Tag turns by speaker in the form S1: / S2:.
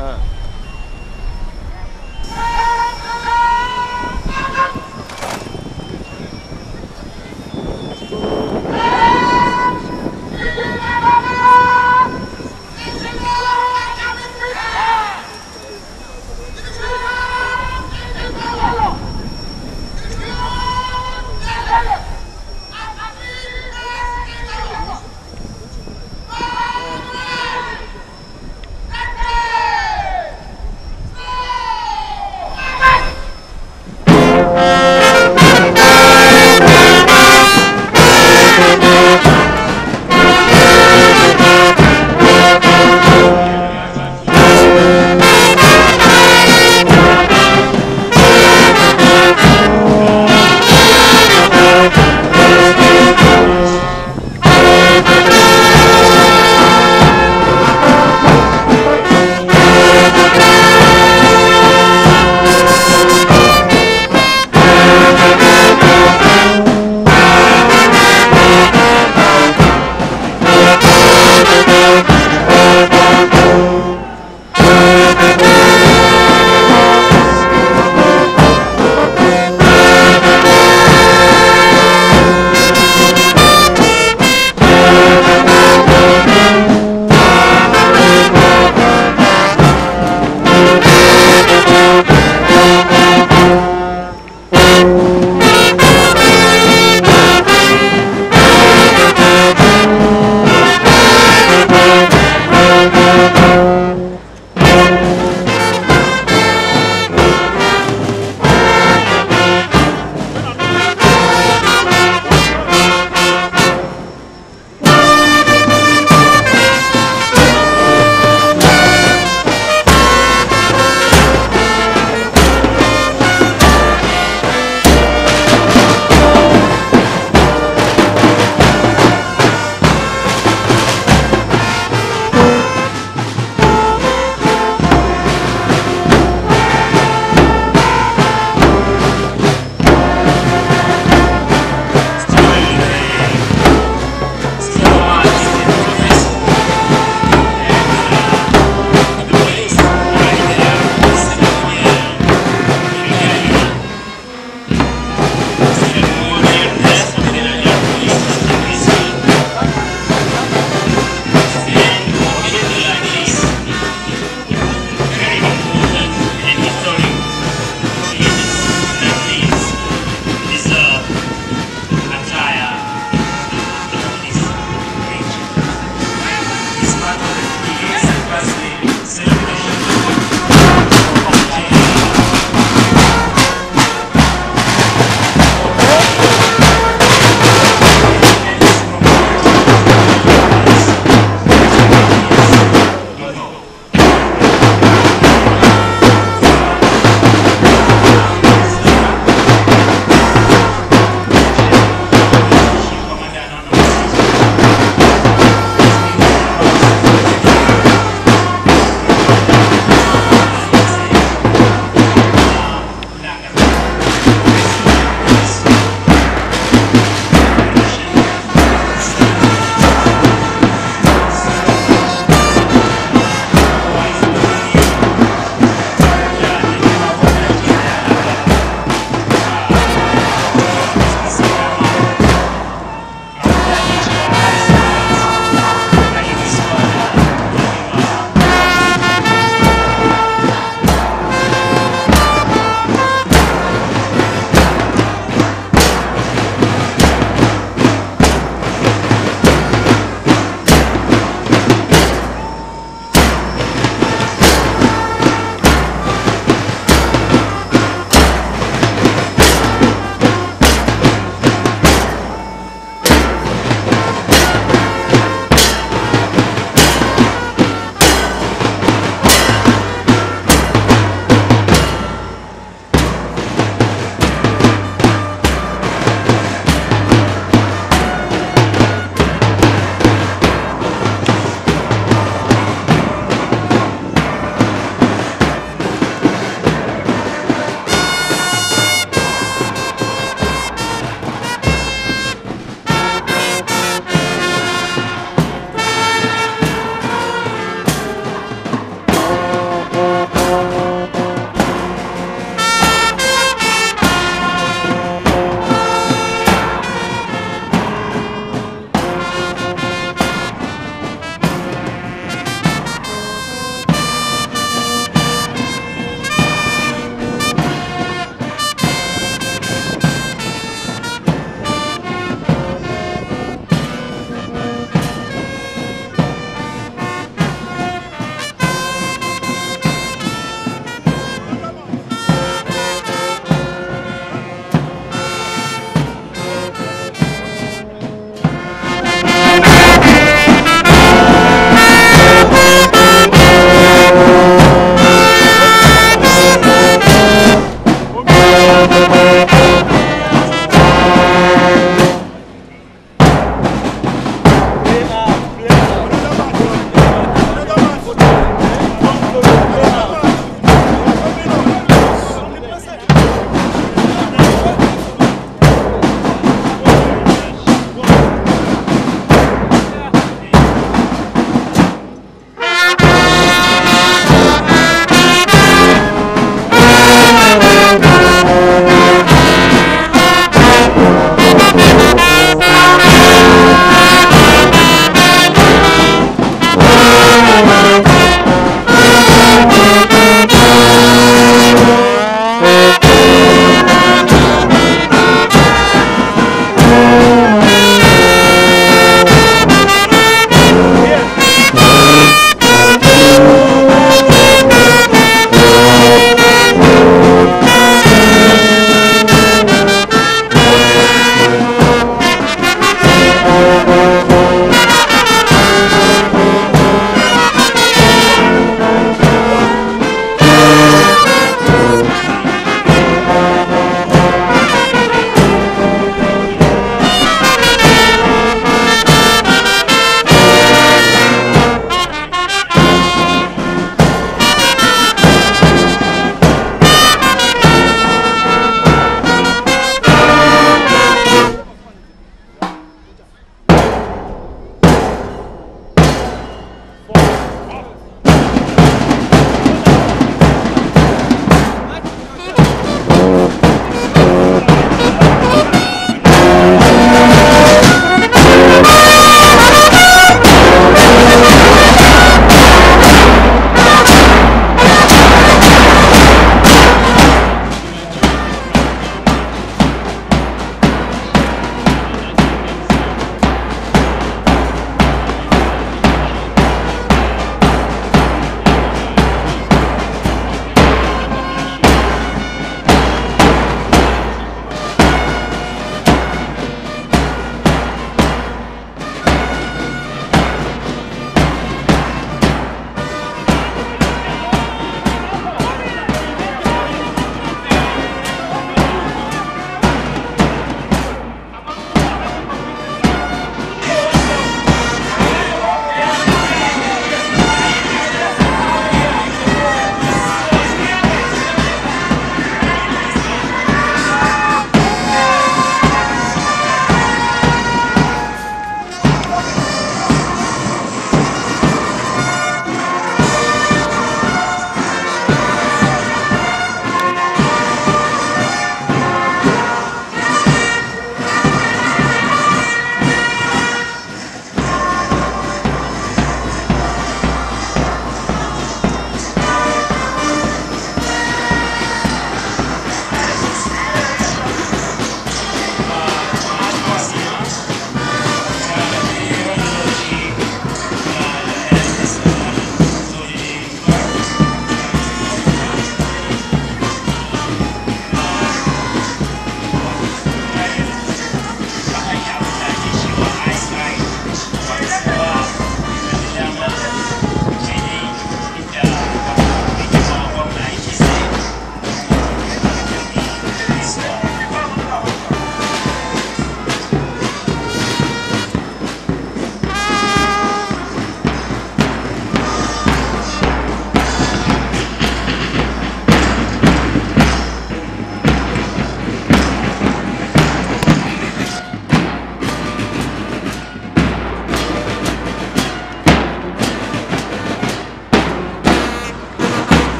S1: 嗯。